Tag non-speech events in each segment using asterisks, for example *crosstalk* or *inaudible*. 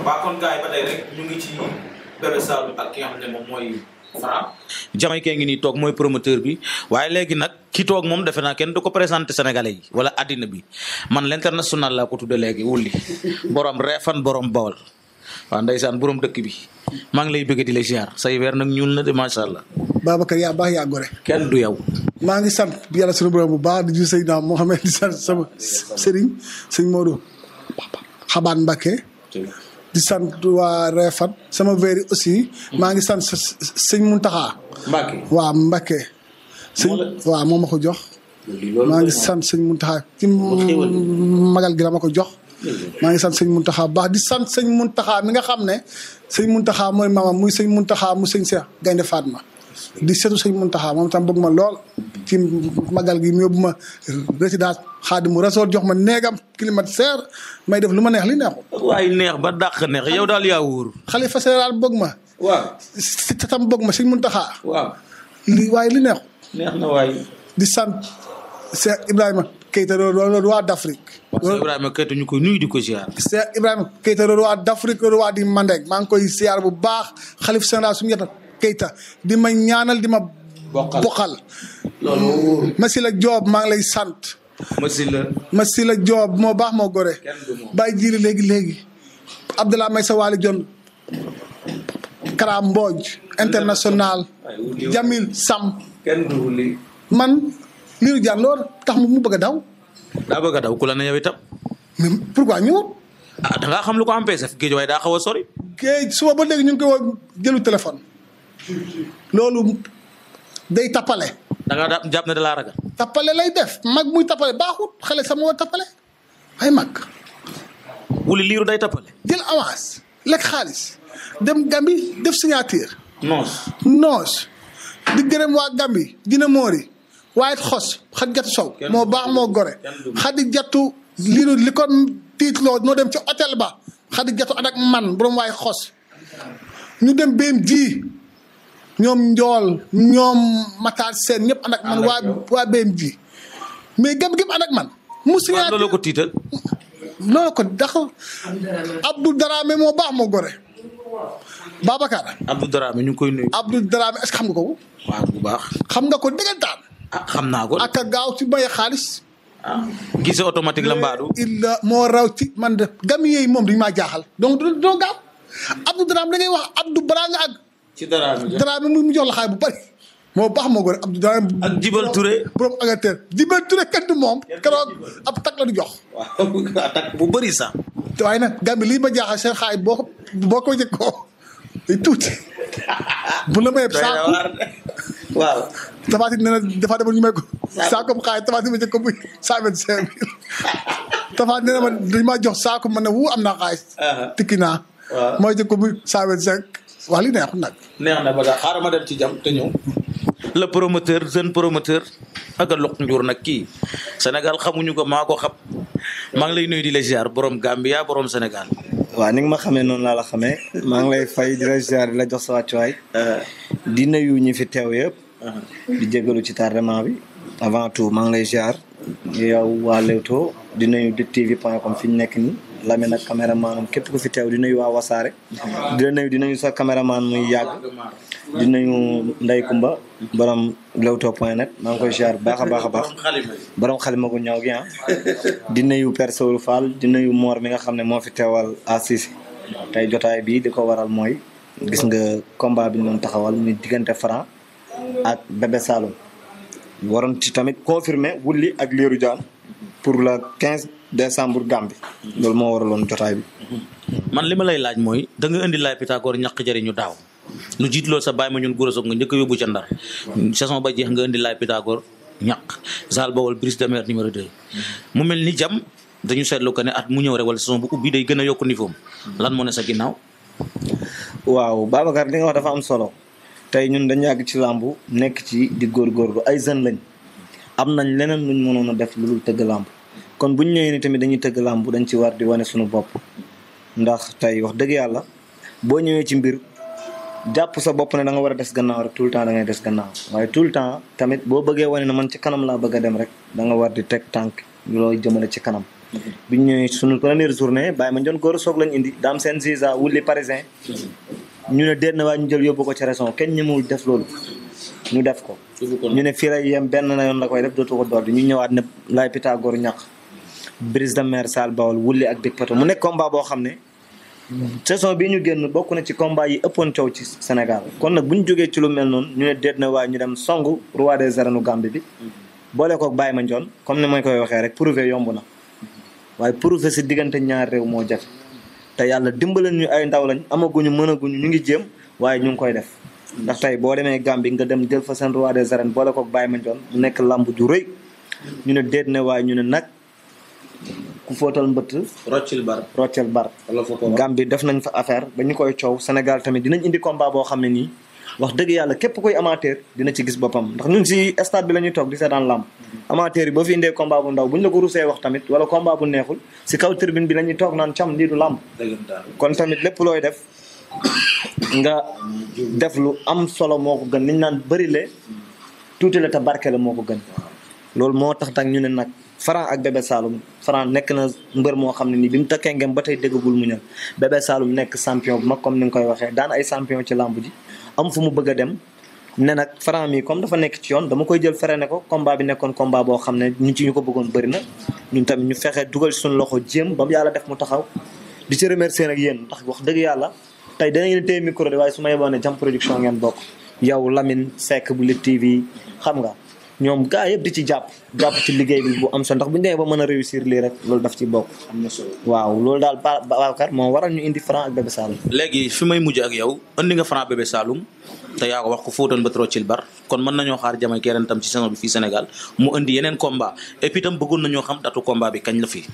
waa kon gars ngi ci toog mooy promoteur bi waaye léegi nag ki toog moom defe naa kenn du ko présenté Sénégalais yi wala addina bi man l'international laa ko tuddee léegi wulli borom reefan borom bawol waaw ndeysaan borom dëkk bi maa ngi lay bëgg di la ziar say weer nag ñuul na de macha allah. Babacar yaa baax yaa gore. kenn du yow. maa ngi sant yàlla sunu borom bu baax di nuyu Seydina Mohamed di sant sama sëriñ sëñ Modou Xabaan Mbacke. di sant waa Réfat sama véeri aussi. maa ngi sant sëñ Muntaxa. Mbacke waaw Mbacke. sëñ waaw moom ma ko jox. maa ngi sant sëñ Muntaxa ci magal gi la ma ko jox. maa ngi sant sëñ Muntaxa baax di sant sëñ Muntaxa mi nga xam ne mun Muntaxa mooy maamam muy sëñ Muntaxa mu sëñ Seex Gaynde Fatma di setu sëñ taxa moom tam bëgg ma lool ci magal gi mu yóbbu ma résidence mu Rasuul jox ma kilimat climatiseur may def lu ma neex li neexul. waaye neex ba dàq neex yow daal yaa wóor. xalifa général ma. waaw si tam ma sëñ Muntaxa. waaw li waaye li neexul. neex na waaye. di sant Cheikh Ibrahima Keita loolu waa d'Afrique. loolu di ko ziar. maa ngi koy ziar bu baax xalif général suñu Keita di ma ñaanal di ma. boqal loolu Masila Joob maa ngi lay sant. Masila. Joob moo baax moo gore. bàyyi jiiri léegi léegi. Abdallah may sa waali jon Kara Mbodj international. Jamil Sam. man liiru jaan loolu tax mu bëgg daw. daa bëgg a daw ku la ne itam. mais pourquoi ñëw. ah da ngaa xam lu ko empêché géej waaye daa a sori. suba ba léegi ñu ngi koy woo jëlu téléphone. loolu day tappale. da nga jàpp ne da tappale lay def mag muy tappale baaxut xale sama war tappale ay mag. wuli liiru day tappale. jël avance lekk xaalis dem Gambie def signature. noos noos. di gërëm waa Gambie dina moori waaye xos xaj jatu sow. moo baax moo gore. xadi jatu liiru li ko tiitloo noo dem ci hôtel ba xadi jatu ànd ak man borom waaye xos ñu dem BMG. ñoom njool ñoom Matar Seen ñëpp ànd ak man waa waa BMG mais gëm gëm ànd man. mu signature ko tiital. loolu ko dax Abdou Dramé moo baax moo gore Babacar. Abdou Dramé ñu ngi koy nuyu. Abdou xam nga ko. waaw bu xam nga ko dëggantaan. ah xam naa ko ak gaaw ci maye xaalis. ah gisee automatique la mbaadu. il moo raw ci man de gam yooyu moom dañu ma jaaxal. donc du doo gaaw Abdou Dramé da wax Abdou Bara ci Dramé mu jox la xaalis bu bari moo baax moo gën ak Jibal Touré borom Angleterre Jibal Touré kenn du moom. keroog ab takk la du jox. *laughs* bu bëri sax. waaye nag Gambie lii ma jaaxal seen xaay boo ko boo ko jëkkoo day *laughs* ñu may ko. *laughs* saako xaay tabaati ma jëkk ko muy cent vingt cinq mille. tabaati ma jox saako man wu am naa xaay. tikki mooy jëkk ko waa li neexul nag. neex na ba xaaral ma ci jam te ñëw. le promoteur jeune promoteur ak a loq njur nag kii Sénégal xamuñu ko maa ko xam maa ngi lay nuyu di la borom borom Gambia borom Sénégal. waaw ni nga ma xamee noonu laa la xamee maa ngi lay fay di la ziar di la jox sa wàccuwaay. Uh-huh. di nuyu ñi fi teew yëpp. Uh-huh. di jégalu ci tardement bi. avant tout maa ngi lay ziar. yow waa Leewtoo di nuyu DTV point com fi ñu nekk nii. Lamine ak caméraman képp ku fi teew di nuyu waa Wasaare. di nuyu di nuyu sa caméraman muy yàgg. di nuyu Ndeye Kumba. borom Leewtoo point net maa ngi koy ziar baax a baax a baax. borom xalima gu ñaaw gi ah. di nuyu Père Sow Fall di nuyu Mor mi nga xam ne moo fi teewal Assis. tey jotaay bi di ko waral mooy. gis nga combat bi ñu doon taxawal muy diggante Franc ak Bébé Saloum. waroon tamit confirmer wulli ak Lirou Diane pour la quinze. décembre Gambie. loolu moo waraloon jotaay bi. man li ma lay laaj mooy da nga indi laay Pythagore ñàkk jëriñu daaw lu jiit loolu sa bàyyi ma ñun góor soog nga njëkk yóbbu ca ndar saison ba jeex nga indi laay Pythagore ñàkk Zal Bawol brise de mer numéro 2. mu mel ni jam dañu seetlu que ne at mu ñëw rek wala saison bu ubbi day gën a yokk ni niveau lan moo ne sa ginnaaw. waaw Babacar li nga wax dafa am solo tey ñun dañu yàgg ci làmb nekk ci di góor góorgóorlu ay jeunes lañ am nañ leneen luñ mënoon a def lu dul tëgg kon bu ñëwee ni tamit dañuy tëgg làmbu dañ ci war di wane suñu bopp ndax tey wax dëgg yàlla boo ñëwee ci mbir jàpp sa bopp ne da nga war a des gannaaw rek tout le temps da ngay des gannaaw waaye tout le temps tamit boo bëggee wane ne man ci kanam laa bëgg a dem rek da war di teg tànk looy jëmale ci kanam biñ ñëwee sunu première journée bàyyi ma njoon góor soog lañ indi daam seen visa wulli ñu ne déet na waa ñu jël yóbbu ko ci raison kenn ñemewul def loolu ñu def ko ñu ne fii lay yem benn na yoon la koy def dootu ko ñu ñëwaat ne laay Pythagore brise de mer Saal Bawol wulli ak Big Pato mu nekk combat boo xam ne saison bi ñu génn bokk na ci combat yi ëppoon coow ci senegal kon nag bu ñu jógee ci lu mel noonu ñu ne déet na waaye ñu dem songu roi des arènes bi mm-hmm. boole koog Baye Mandione comme ni ma koy waxee rek prouver yomb na mm-hmm. waaye prouver si diggante ñaar réew moo jafe te yàlla dimbale ñu ay ndaw lañ amaguñu mënaguñu ñu ngi jéem waaye ñu ngi koy def. ndax tey boo demee Gambie nga dem jël fa seen roi des arènes boole koog Baye Mandione mu nekk lamb ju rëy ñu ne waaye ñu ne nag. ku fóotal mbëtt roccel bar roccel bar Gambie def nañ fa affaire ba ñu koy coow Sénégal tamit dinañ indi combat boo xam ne nii wax dëgg yàlla képp koy amateur dina ci gis boppam ndax ñun si stade bi la ñuy toog di seetaan làmb amateur yi boo fi indee combat bu ndaw bu ñu la ko rusee wax tamit wala combat bu neexul si kaw tribune bi la ñuy toog naan cam lii du làmb kon tamit lépp looy def nga def lu am solo moo ko gën liñ naan bëri le tuuti la te barke la moo ko gën Franc ak Bébé Saloum Franc nekk na mbër moo xam ne nii bi mu takkee ngeen ba tey déggagul mu ñor Bébé Saloum nekk champion bu mag comme ni nga koy waxee daan ay champion ci làmb ji am fu mu bëgg a dem. ne nag Franc mi comme dafa nekk ci yoon dama koy jël fere ne ko combat bi nekkoon combat boo xam ne ñun ci ñu ko bëggoon bëri na ñun tamit ñu fexe dugal suñu loxo jéem ba yàlla def mu taxaw di ci remercier nag yéen ndax wax dëgg yàlla tey danañu téye micro de waaye su ma yeboon ne jam production ngeen bokk yow Lamine Seck bu Lutte TV xam nga. ñoom gaa yëpp di ci jàpp jàpp ci liggéey bi bu am solo ndax bu ñu demee ba mën a réussir lii rek loolu daf ci bokk. am na solo waaw loolu daal Babacar moo waral ñu indi Franc ak Bébé may mujj ak yow indi nga Franc Bébé Saloum te yaa ko wax ko fóotoon ba trop ci bar kon man nañoo xaar jamay keneen tam ci saison bi fii Sénégal mu indi yeneen combat et puis tam bëggoon nañoo xam datu komba bi kañ la fii.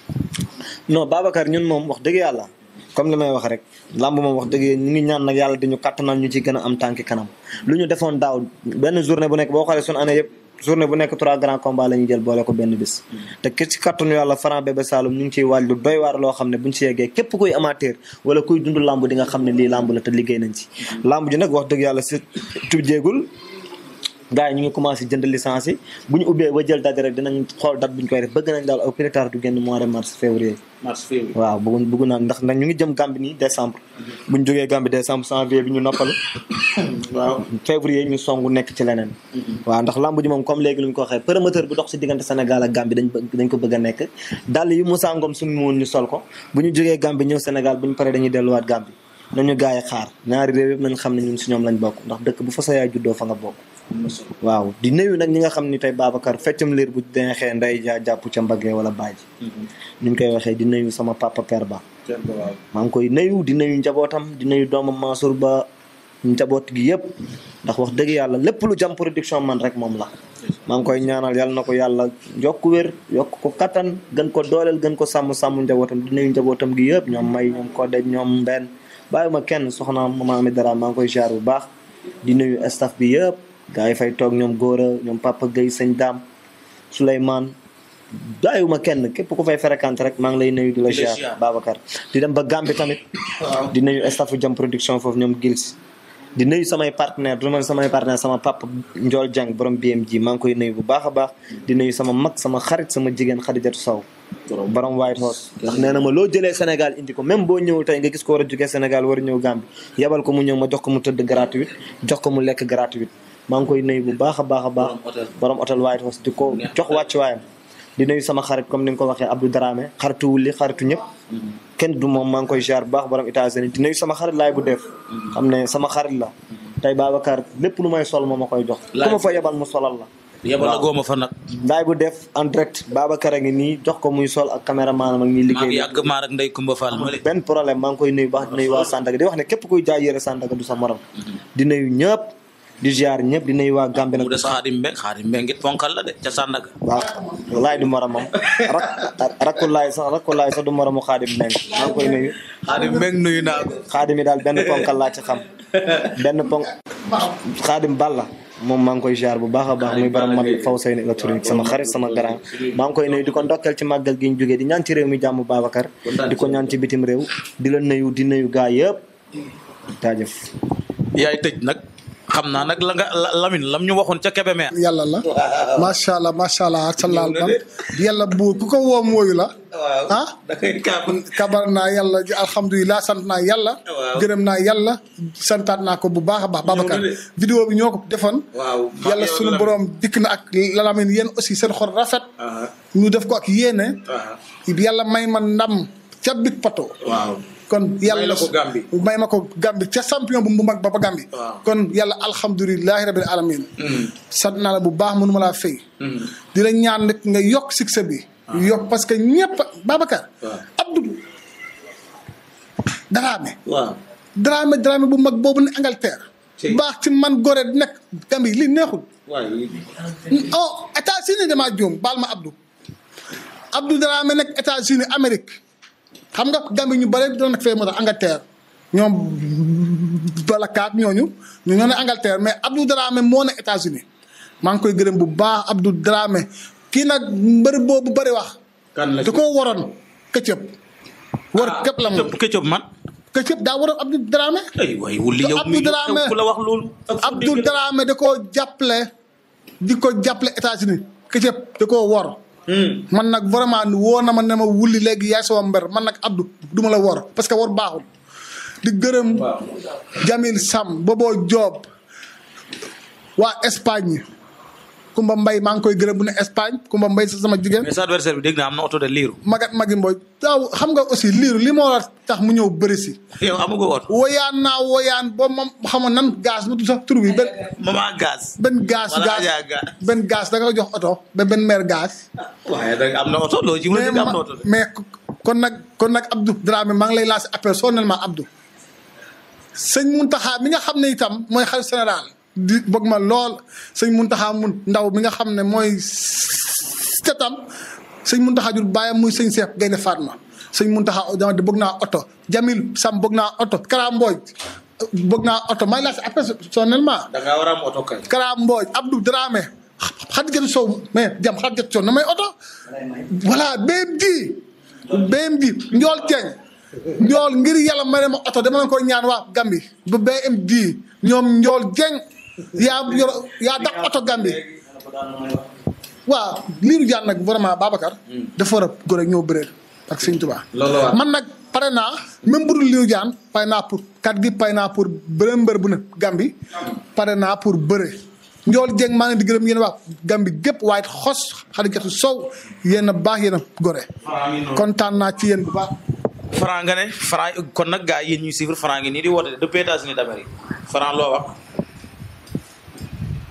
non Babacar ñun moom wax dëgg yàlla. comme li may wax rek làmb moom wax dëgg ñu ngi ñaan nag yàlla dañu kàttanal ñu ci gën am tànki kanam lu ñu defoon daaw benn journée bu nekk boo xoolee suñu année yëpp journée bu nekk trois grands combats la ñuy jël boole ko benn bis. te ki ci kattanu yàlla Franc Bébé Saloum ñu ngi ciy waaj lu doy waar loo xam ne bu buñ ci yeggee képp kuy amateur wala kuy dund lamb di nga xam ne lii lamb la te liggéey nañ ci. Mm-hmm. lamb ji nag wax dëgg yàlla si tub jéegul gars ñu ngi commencé jënd licence yi bu ñu ubbee ba jël date rek dinañ xool date bu ñu koy def bëgg nañ daal au plus tard du génn mois de mars février. waaw bëgg bëgg naa ndax ñu ngi jëm Gambie nii décembre. Mm-hmm. bu ñu jógee Gambie décembre *coughs* ci leneen. Mm-hmm. waaw ndax lamb ji moom comme léegi lu ñu ko waxee promoteur bu dox si diggante Sénégal ak Gambie dañ ko bëgg a nekk. dàll yi Moussa Ngom suñu ñu sol ko bu ñu jógee Gambie ñëw Sénégal bu ñu paree dañuy delluwaat Gambie nañu gars yi xaar ñaari réew yëpp nañ xam ne ñun si ñoom lañ bokk ndax dëkk bu fa sa yaay juddoo fa nga waaw di nuyu nag ñi nga xam ni tey Babacar feccam liir bu denxee nday ja jàpp ca mbaggee wala baaji mhm. ni ñu koy waxee di nuyu sama papa père ba maa ngi koy nuyu di nayu njabootam di nuyu doomam Mansour ba njaboot gi yëpp ndax wax dëgg yàlla lépp lu jam production man moom la maa ngi koy ñaanal yàlla na ko yàlla yokk wér yokk ko kattan gën ko dooleel gën ko sàmm sàmm njabootam di nuyu njabootam gi yëpp ñoom may ñoom kodde ñoom mbenn bàyyi ma kenn soxna maami dara maa ngi koy ziar bu baax di nuyu staff bi yëpp gaa yi fay toog ñoom Gora ñoom Papa Gueye sëñ Dame Souleymane bàyyiwuma kenn képp ku fay fréquente rek maa ngi lay nuyu di la ziar Babacar di dem ba Gambie tamit di nuyu staffu Jam Production foofu ñoom Gils di nuyu samay partenaire du man samay partenaire sama papa Ndiol Dieng borom BMG maa ngi koy nuyu bu baax baax di nuyu sama mag sama xarit sama jigéen Xadijatu Sow borom White House ndax nee na ma loo jëlee Sénégal indi ko même boo ñëwul tey nga gis ko war a jógee Sénégal war a ñëw Gambie yebal ko mu ñëw ma jox ko mu tëdd gratuit jox ko mu lekk gratuit maa ngi koy nuyu bu baax a baax a baax borom hôtel White House di ko jox wàcc waayam di nuyu sama xarit comme ni nga ko waxee Abdou Dramé xaritu wulli xaritu ñëpp mm-hmm. kenn du moom maa ngi koy jaar bu baax borom États-Unis di sama xarit laay bu def mm-hmm. xam ne sama xarit la mm-hmm. tey Babacar lépp lu may sol moom ma koy jox ku ma fa yebal mu solal la yebal la góoma fa nag laay bu def en direct Babacar a ngi nii jox ko muy sol ak caméraman ak ñuy liggéey yàgg maar ak Ndey Kumba Fall benn problème maa ngi koy nuyu baax di nuyu waa Sandaga di wax ne képp kuy jaay yére Sandaga du sa morom di nuyu ñëpp di ziar ñëpp di nuyu waa Gambie nag. mu des Xaadim Mbeng Xaadim Mbeng it fonkal la de ca Sandaga. waaw walaay du moromam rak rakkulaay sax rakkulaay sax du moromu Xaadim Mbeng maa ngi koy nuyu. daal benn ponkal laa ci xam benn ponk Xaadim Balla. moom maa ngi koy ziar bu baax a baax muy baram man faw say électronique sama xarit sama grand maa ngi koy nuyu di ko ndokkeel ci màggal gi ñu jógee di ñaan ci réew mi jàmm Babacar di ko ñaan ci bitim réew di la nuyu di nayu gaa yëpp jaajëf yaay tëj nag xam naa nag la nga lam ñu waxoon ca Kébémer. yàlla la macha allah macha allah ca laal bam bu ku ko woom wooyu la. ah kabar naa yàlla alhamdulilah sant naa yàlla. gërëm naa yàlla santaat naa ko bu baax a baax. Babacar vidéo bi ñoo ko defoon. yàlla sunu borom dikk na ak Lamine yéen aussi seen xol rafet. ñu def ko ak yéene. yàlla may ma ndam ca big pato. kon yàlla may ma ko Gambie ca champion bu mu mag ba kon yàlla alhamdulilahi rabbil alamin hmm. sant naa bu baax mënu ma laa fay hmm. di ñaan nag nga yokk succès bi ah. yokk parce que ñëpp Babacar Abdou Dramé Dramé bu mag boobu ne Angleterre baax ci man gore nekk Gambie lii neexul oh États-Unis damaa juum baal ma Abdou Abdou Dramé nekk États-Unis Amérique xam nga Gambie ñu bare doon nag fee moo Angleterre ñoom balakaat ñooñu ñu ñoo ne Angleterre mais Abdou Dramé moo ne États-Unis maa ngi koy gërëm bu baax Abdou Dramé kii nag mbër boobu bëri wax. kan ko da koo waroon këccëb. war ah, képp la moom man. këccëb daa waroon Abdou Dramé. aywa wuli yow mi wax loolu. Abdou Dramé da koo jàppale di ko jàppale États-Unis këccëb da koo wor. Hmm. man nag vraiment woo na ma ne ma wulli léegi yaay sama mber man nag Abdou du ma la wor parce que wor baaxul. di gërëm. Jamil Sam Bobo joob waa Espagne. Kumba Mbay maa ngi koy gërëm bu ne Espagne Kumba Mbay sa sama jigéen. mais sa adversaire bi dégg naa am na oto de liiru. Magat Magi Mboy xam nga aussi liiru li ma war a tax mu ñëw bëri si. yow amu ko woon. xamoon nan gaz mu tudd sax tur bi benn. benn gaz gaz benn gaz da jox oto ba benn mère gaz. waaye nag am na oto loo ci mën a am na oto de. mais kon nag kon nag Abdou Dramé maa ngi lay lancer appel solennellement Abdou. sëñ Mountakha mi nga xam ne itam mooy xalifa général di ma lool sëñ Muntaxa mu ndaw mi nga xam ne mooy setam sëñ Muntaxa jur bàyyam muy sëñ Seex Gaynde Fatma sëñ Muntaxa dama di bëgg naa oto Jamil Sam bëgg naa oto Kara Mbooj bëgg naa oto may laaj après Sow mais jam Xadijatu Sow na may oto. voilà BMD. BMD Njool Dieng. Njool ngir yàlla ma ne ma oto dama leen koy ñaan waa Gambie ba BMD ñoom Njool Dieng. yaa yor yaa oto Gambie. waaw liiru jaan nag vraiment Babacar. Hmm. dafa war a góor ñoo bëreel ak Sëñ Tuubaa. man nag pare naa même bu dul liiru jaan pare naa pour kat gi pay naa pour bëre mbër bu ne Gambie. pare naa pour bëre. Njool Dieng maa ngi di gërëm yéen waa Gambie gépp waaye xos xarijatu sow yéen a baax yéen a gore. kontaan naa ci yéen bu baax. Franc ne Franc kon nag gaa yéen ñuy suivre Franc ngi nii di woote depuis États-Unis d'Amérique Franc loo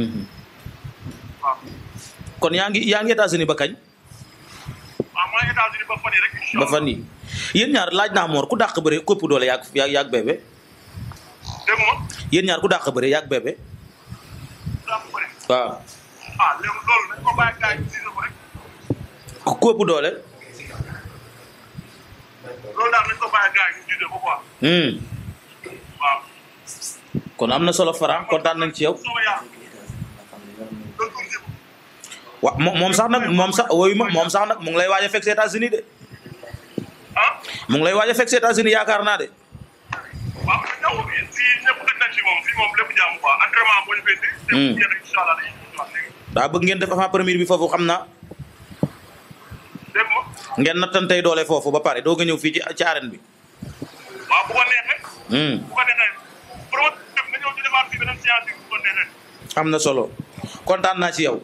Mm-hmm. kon yaa ngi yaa ngi États-Unis ba kañ. ba fan yii ñaar laaj naa Mor ku dàq bëre ku ëpp doole yàgg yàgg bébé. dégg nga. ku dàq waaw. Ah, ku ëpp doole. loolu daal dañ ko bàyyi hmm. kon am na solo wa moom sax na moom sax woyu ma moom sax na mu ngi lay waaj a fekk États-Unis de. Ah? mu ngi lay waaj a su États-Unis yaakaar naa de. waaw daa bëgg ngeen def avant première bi foofu xam naa. dégg nga. ngeen nattantey doole foofu ba pare doo ñëw fii ci ci arène bi. waaw bu hmm. am na solo kontaan naa ci yow.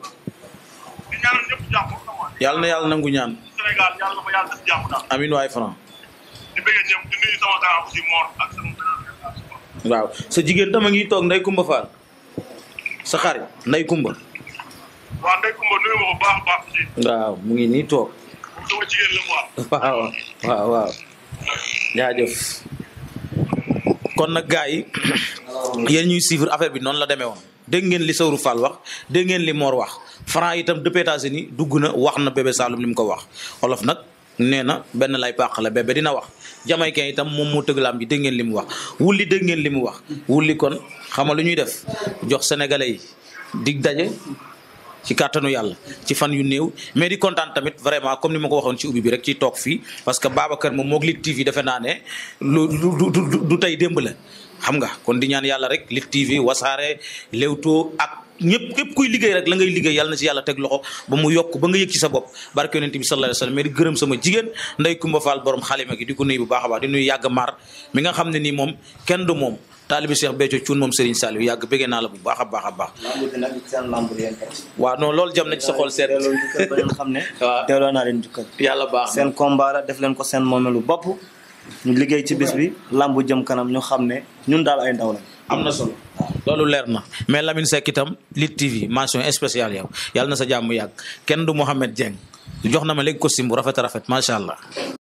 yàlla na yàlla nangu ñaan. Sénégal waay Franc. waaw sa jigéen tam a ngi toog Ndeye Kumba Fall sa xarit Ndeye Kumba. waaw mu ngi nii toog. sama waaw waaw waaw. jaajëf. kon nag gars yi *clears throat* yéen ñuy suivre affaire bi noonu la demee dégg ngeen li Saourou Fall wax dégg ngeen li Mor wax Franc itam depuis États-Unis dugg na wax na bébé saalum li mu ko wax olof nag nee na benn lay pàq la be bébé dina wax jamaïcain itam moom moo tëgg laam ji dégg ngeen li mu wax wulli dégg ngeen li mu wax wulli kon xama lu ñuy def jox sénégalais yi dig daje ci kàttanu yàlla ci fan yu néew mais di kontaan tamit vraiment comme ni ma ko waxoon ci ubbi bi rek ci toog fii parce que Babacar moom moog Lutte TV defe naa ne lu du du tey démb la xam nga kon di ñaan yàlla rek Lutte TV wasaare to ak. ñëpp képp kuy liggéey rek la ngay liggéey yàlla si yàlla teg loxo ba mu yokk ba nga yëg ci sa bopp barke yonent bi sallallahu alayhi wasallam gërëm sama jigéen nday Kumba Fall borom xalima gi di ko nuyu bu baax a baax yàgg maar mi nga xam ne nii moom kenn du moom taalibi Cheikh Béthio Thioune moom Serigne Saliou yàgg bëggee naa la bu baax a baax a baax waaw non loolu jam na ci sa xol seet xam ne *laughs* naa leen jukkal yàlla baax seen combat la def leen ko seen moomelu bopp ñu liggéey ci bis bi làmb jëm kanam ñu xam ne ñun daal ay ndaw lañ. am na solo loolu leer na mais Lamine Seck itam Lutte TV mention spéciale yow yàlla na sa jàmm yàgg kenn du Mouhamed Dieng jox na ma léegi costume bu rafet a rafet macha allah.